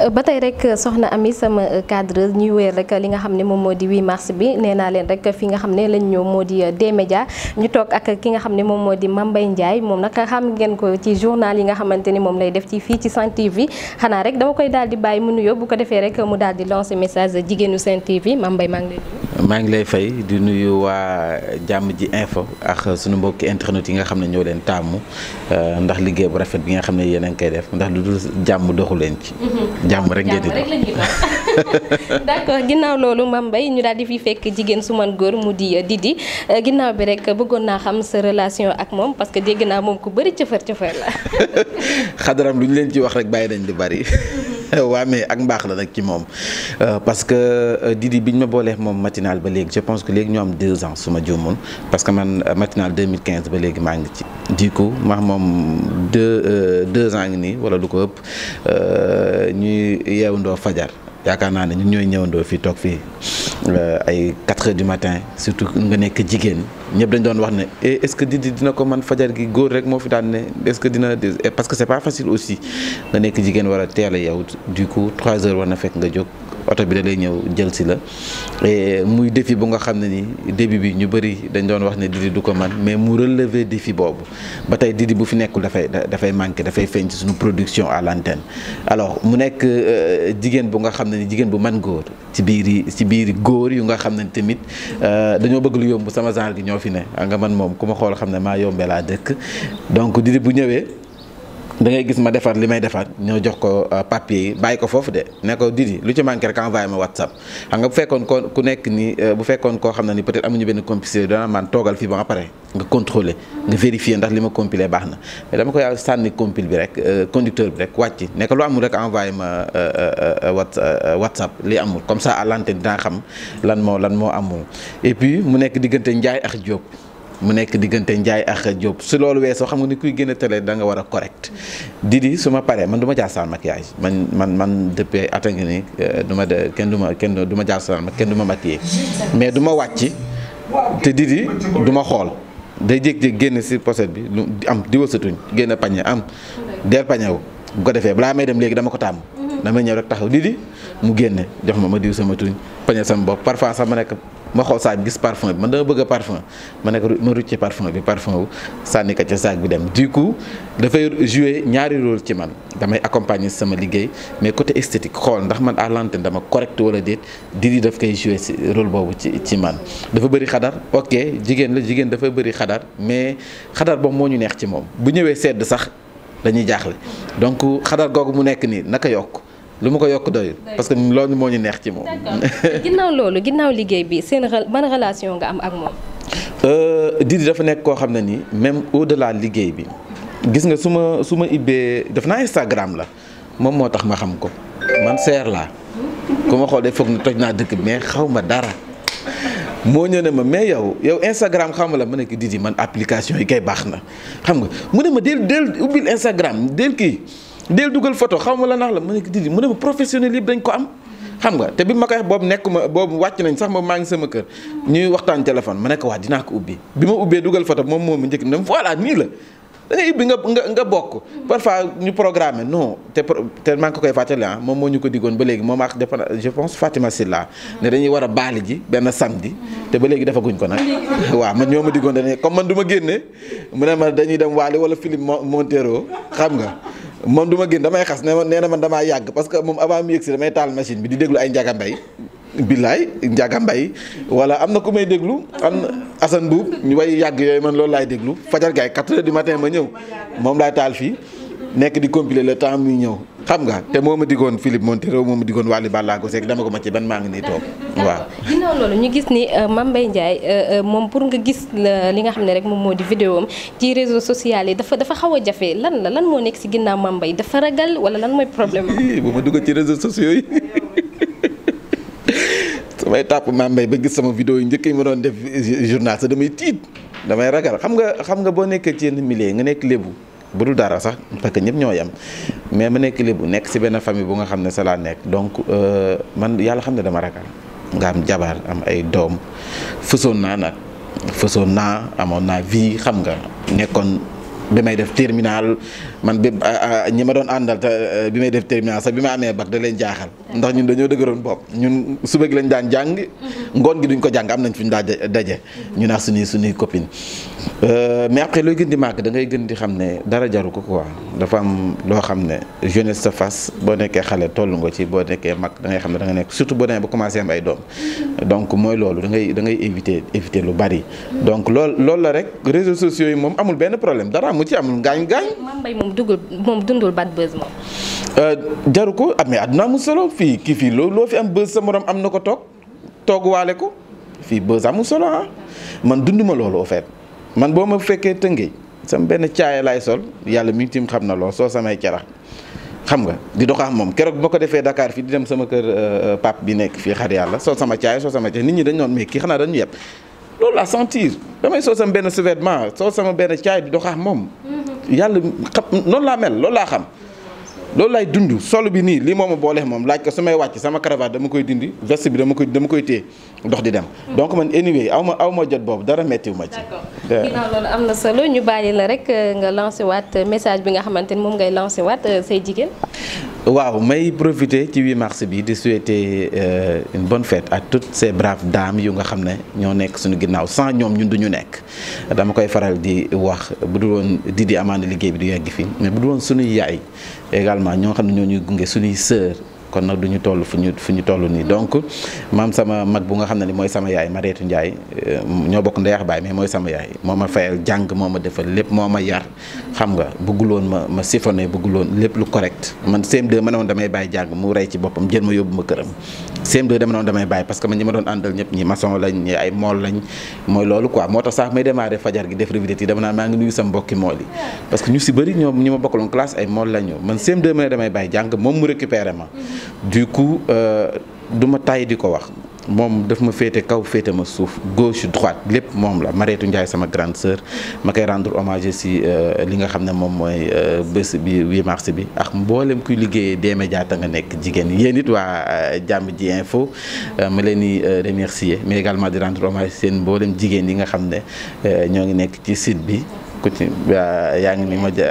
Euh, ba tey rek euh, soxna Ami sama euh, cadreuse ñuy wéer rek li nga xam ne moom moo di 8 mars bi nee naa leen rek fi nga xam ne lañ ñëw moo di D-Média ñu toog ak ki nga xam ne moom moo di Mame Mbaye Ndiaye moom nag xam ngeen ko ci journal yi nga xamante ni moom lay def ci fii ci Sen TV xanaa rek dama koy daal di bàyyi mu nuyoo bu ko defee rek mu daal di lancer message jigéenu Sen TV Mame Mbaye maa ngi maa ngi lay fay di nuyu waa jàmm ji info ak suñu mbokki internet yi nga xam ne ñoo leen tàmmu euh, ndax liggéey bu rafet bi nga xam ne yéen a ngi koy def ndax lu dul jàmm doxu leen ci. Mhm. jàmm rek ngeen di dox ginnaaw loolu Mame Mbaye ñu daal di fi fekk jigéen su man góor mu di euh, Didi euh, ginnaaw bi rek bëggoon naa xam sa relation ak moom parce que dégg naa moom ku bëri cëfër cëfër la. xadaram lu ñu leen ci wax rek bàyyi nañ lu bari. waa mais ak mbaax la nag ci moom euh, parce que euh, Didi bi ñu ma boolee moom matinal ba léegi je pense que léegi ñoo am deux ans su ma juumoon parce que man euh, matinal 2015 ba léegi maa ngi ci. du coup moom deux deux ans ngi nii wala du ko ëpp ñuy yeewandoo fajar yaakaar naa ne ñun ñooy ñëwandoo fii toog fii. Euh, ay 4 heures du matin surtout nga nekk jigéen ñëpp dañ doon wax ne et eh, est-ce que Didi dina ko man fajar gi góor rek moo fi daan ne est-ce que dina eh, parce que c'est pas facile aussi nga nekk jigéen war a teel a yow du coup 3 heures war na fekk nga jóg. oto bi da lay ñëw jël si la muy défi bu nga xam ne ni début bi ñu bëri dañ doon wax ne Didi du ko man mais mu relever défi boobu ba tey Didi bu fi nekkul dafay dafay manqué dafay fenc suñu production à l'antenne mu nekk euh, jigéen bu nga xam ne ni jigéen bu man góor ci biiri ci biiri góor yu nga xam ne tamit euh, dañoo bëgg lu yomb sama genre gi ñoo fi ne ah, nga man moom ku ma xool xam ne maa yombee laa dëkk donc Didi bu ñëwee da ngay gis ma defar li may defar ñoo jox ko euh, papier yi bàyyi ko foofu de ne di Didi lu ci manqué rek envoyé ma WhatsApp xam nga bu fekkoon ko ku nekk ni euh, bu fekkoon koo xam ne ni peut amuñu benn complicité dana man toogal fii ba pare nga contrôler nga vérifier ndax li ma compilé baax na mais dama koy sànni compile bi rek euh, conducteur bi rek wàcc ne ko lu amul rek envoyé ma WhatsApp li amul comme ça à l'antenne xam lan moo lan moo amul et puis mu nekk diggante Ndiaye ax Diop. mu nekk diggante Ndiaye ak Diop su loolu weesoo xam nga ni kuy génn télé da nga war a correct Didi su ma paree man du ma jaar sans maquillage man man man depuis at a ngi nii euh, du ma de kenn du ma kenn du ma jaar sans kenn du ma maquillé mais du ma wàcc te Didi du ma xool day jékki-jékki génn si poset bi lu am di wasatuñ génn pañe am der pañe wu bu ko defee balaa may dem léegi dama ko tàmm. Mhm. damay ñëw rek taxaw Didi mu génne jox ma ma diw sama tuñ pañe sama bopp parfois sax ma nekk. ma xool saag gis parfum bi man dama bëgg a parfum ma nekk ma rucce parfum bi parfum wu sànni ko ca saag bi dem du coup dafay jouer ñaari rôle ci man damay accompagner sama liggéey mais côté esthétique xool ndax man à dama correct wala déet Didi daf koy jouer si rôle boobu ci ci man. dafa bëri xadar ok jigéen la jigéen dafa bëri xadar mais xadar boobu moo ñu neex ci moom bu ñëwee sedd sax dañuy jaaxle donc xadar googu mu nekk nii naka yokk. lu ma ko yokk doyul parce que loolu moo ñu neex ci moom. ginnaaw loolu ginnaaw liggéey bi seen man relation nga am ak moom. Euh, di dafa nekk koo xam ne nii même de delà liggéey bi gis nga su ma su ma ibbee def naa Instagram la moom moo tax ma xam ko man seer laa ku ma xoolee foog na toj naa dëkk bi mais xaw ma dara. moo ñëw ne ma mais yow yow Instagram xam la ma ne ko Didi man application yi kay baax na xam nga mu ne ma del del ubbil Instagram del deel dugal photo xam ma la nax la ma ne ko Didi mu ne ma professionnel yëpp dañ ko am. xam nga te bi ma koy boobu nekk ma boobu wàcc nañ sax ma maa ngi sama kër ñuy waxtaan téléphone ma nekk waa dinaa ko ubbi bi ma ubbee dugal photo moom moom mu njëkk ne voilà nii la. da ngay ubbi nga nga nga bokk parfois ñu programme non te te maa ngi ko koy fàttali ah moom moo ñu ko diggoon ba léegi moom ak je pense Fatima la ne dañuy war a baali ji benn samedi te ba léegi defaguñ ko nag waaw man ñoo ma diggoon dañuy comme man du ma génne mu ne ma dañuy dem waali wala Philippe Montero xam nga moom du ma génn damay xas ne ma nee na man damaa yàgg parce que moom avant mu yëg si damay taal machine bi di déglu ay Ndiaga Mbaye billaay Ndiaga Mbaye wala am na ku may déglu am na Assane ñu way yàgg yooyu man loolu laay déglu fajar gaay 4 heures du matin ma ñëw moom laay taal fii nekk di compiler le temps muy ñëw xam nga te moo ma diggoon Philippe Montero moo ma diggoon Wally Ballago Seck dama ko ma ci ban maa ngi nii toog waaw ginnaaw loolu ñu gis ni euh, Mame Mbaye Ndiaye euh, euh, moom pour nga gis li nga xam ne rek moom moo di vidéo am ci réseau social yi dafa dafa xaw a jafe lan la lan moo nekk si ginnaaw Mame Mbaye dafa ragal wala lan mooy problème bu ma dugg ci réseau sociaux yi samay tàpp Mame Mbaye ba gis sama vidéo yi njëkk yi ma doon def journal sa damay tiit damay ragal xam nga xam nga boo nekkee ci yenn nga nekk lébu bu dul dara sax parce que ñëpp ñoo yem mais ma nekk lébu nekk si benn famille bu nga xam ne sa laa nekk donc euh, man yàlla xam ne dama ragal nga am jabaar am ay doom fësoon naa nag fësoon naa amoon naa vie xam nga nekkoon bi may def terminal man bi ah, ah, ñi ma doon àndal te eh, bi may def terminal sax bi ma amee bag da leen jaaxal mm-hmm. ndax ñun dañoo dëgëroon bopp ñun suba gi lañ daan jàng mm-hmm. ngoon gi duñ ko jàng am nañ fu ñu daa daje mm-hmm. ñu naan suñuy suñuy copine euh, mais après looy gën di màgg da ngay gën di xam ne dara jaru ko quoi dafa am loo xam ne jeunesse sa face boo nekkee xale toll nga ci boo nekkee mag dangay xam ne da nga nekk surtout boo nee ba commencé am ay doom donc mooy loolu da ngay da ngay éviter éviter lu bari donc lool loolu la rek réseaux sociaux yi moom amul benn problème dara mu ci amul ngaañ-ngaañ moom dugul moom dundul bad buzz moom. Euh, jaru ko ah àdduna mu solo fii kii fii loo loo fi am buzz sa moroom am na ko toog toog ko fii buzz amul solo ah man dunduma loolu au fait man boo ma fekkee tëngee sama benn caaya laay sol yàlla mi tim xam na lool soo samay carax xam nga di doxaax moom keroog ma ko defee dakaar fii di dem sama kër euh, pape bi nekk fii xar yàlla soo sama caaya soo sama caaya nit ñi dañ noon mais kii xanaa dañu yeb loolu laa sentir damay soo sama benn sous-vêtement soo sama benn caaya di doxaax moom. Hmm. yàlla xam noonu laa mel loolu laa xam loolu laay dund solo bi nii lii moom a boolee moom laaj ko su may wàcc sama cravate dama koy dindi veste bi dama koy dama koy téye dox di dem. Hmm. donc man anyway aw ma aw ma jot boobu dara méttiwu ma ci. d'accord loolu am na solo ñu bàyyi la rek euh, nga lancé waat message bi nga xamante ni moom ngay lancé waat euh, say jigéen. waaw may profité ci 8 mars bi di souhaiter euh, une bonne fête ak tout ces braves dames yu nga xam ne ñoo nekk suñu ginnaaw sans ñoom ñun duñu nekk dama koy faral di wax bu dul woon di di amaana liggéey bi du yegg fii mais bu dul woon suñuy yaay également ñoo xam ne ñoo ñuy gunge suñuy sœur kon nag du ñu toll fu ñu fu ñu toll nii donc maam sama mag bu nga xam ne ni mooy sama yaay Mariétu Ndiaye euh, ñoo bokk ndeyax baay mais mooy sama yaay moo ma fayal jàng moo ma defal lépp moo ma yar xam nga bëgguloon ma ma siphonné lépp lu correct man CM2 mu rey ci boppam jël ma yóbbu ma këram CM2 dama ne mool lañ mooy loolu quoi moo tax sax may démarré fajar gi def révidé yi dama naan maa ngi nuyu a mbokki mool yi parce que ñu si bëri ñoom ñi ma bokkaloon classe ay mool lañu man CM2 ma ne damay bàyyi jàng moom mu récupéré ma du coup euh, du ma tàyyi di ko wax moom daf ma féete kaw féete ma suuf gauche droite lépp moom la Mareetu Ndiaye sama grande sœur ma koy rendre hommage si euh, li nga xam ne moom mooy euh, bés bi 8 mars bi ak mboolem kuy liggéeyee des médias ta nga nekk jigéen yéen it waa jàmb ji info ma leen di remercier mais également di rendre hommage seen mboolem jigéen yi nga xam ne ñoo ngi nekk ci site bi ku ci yaa ngi ni ma ja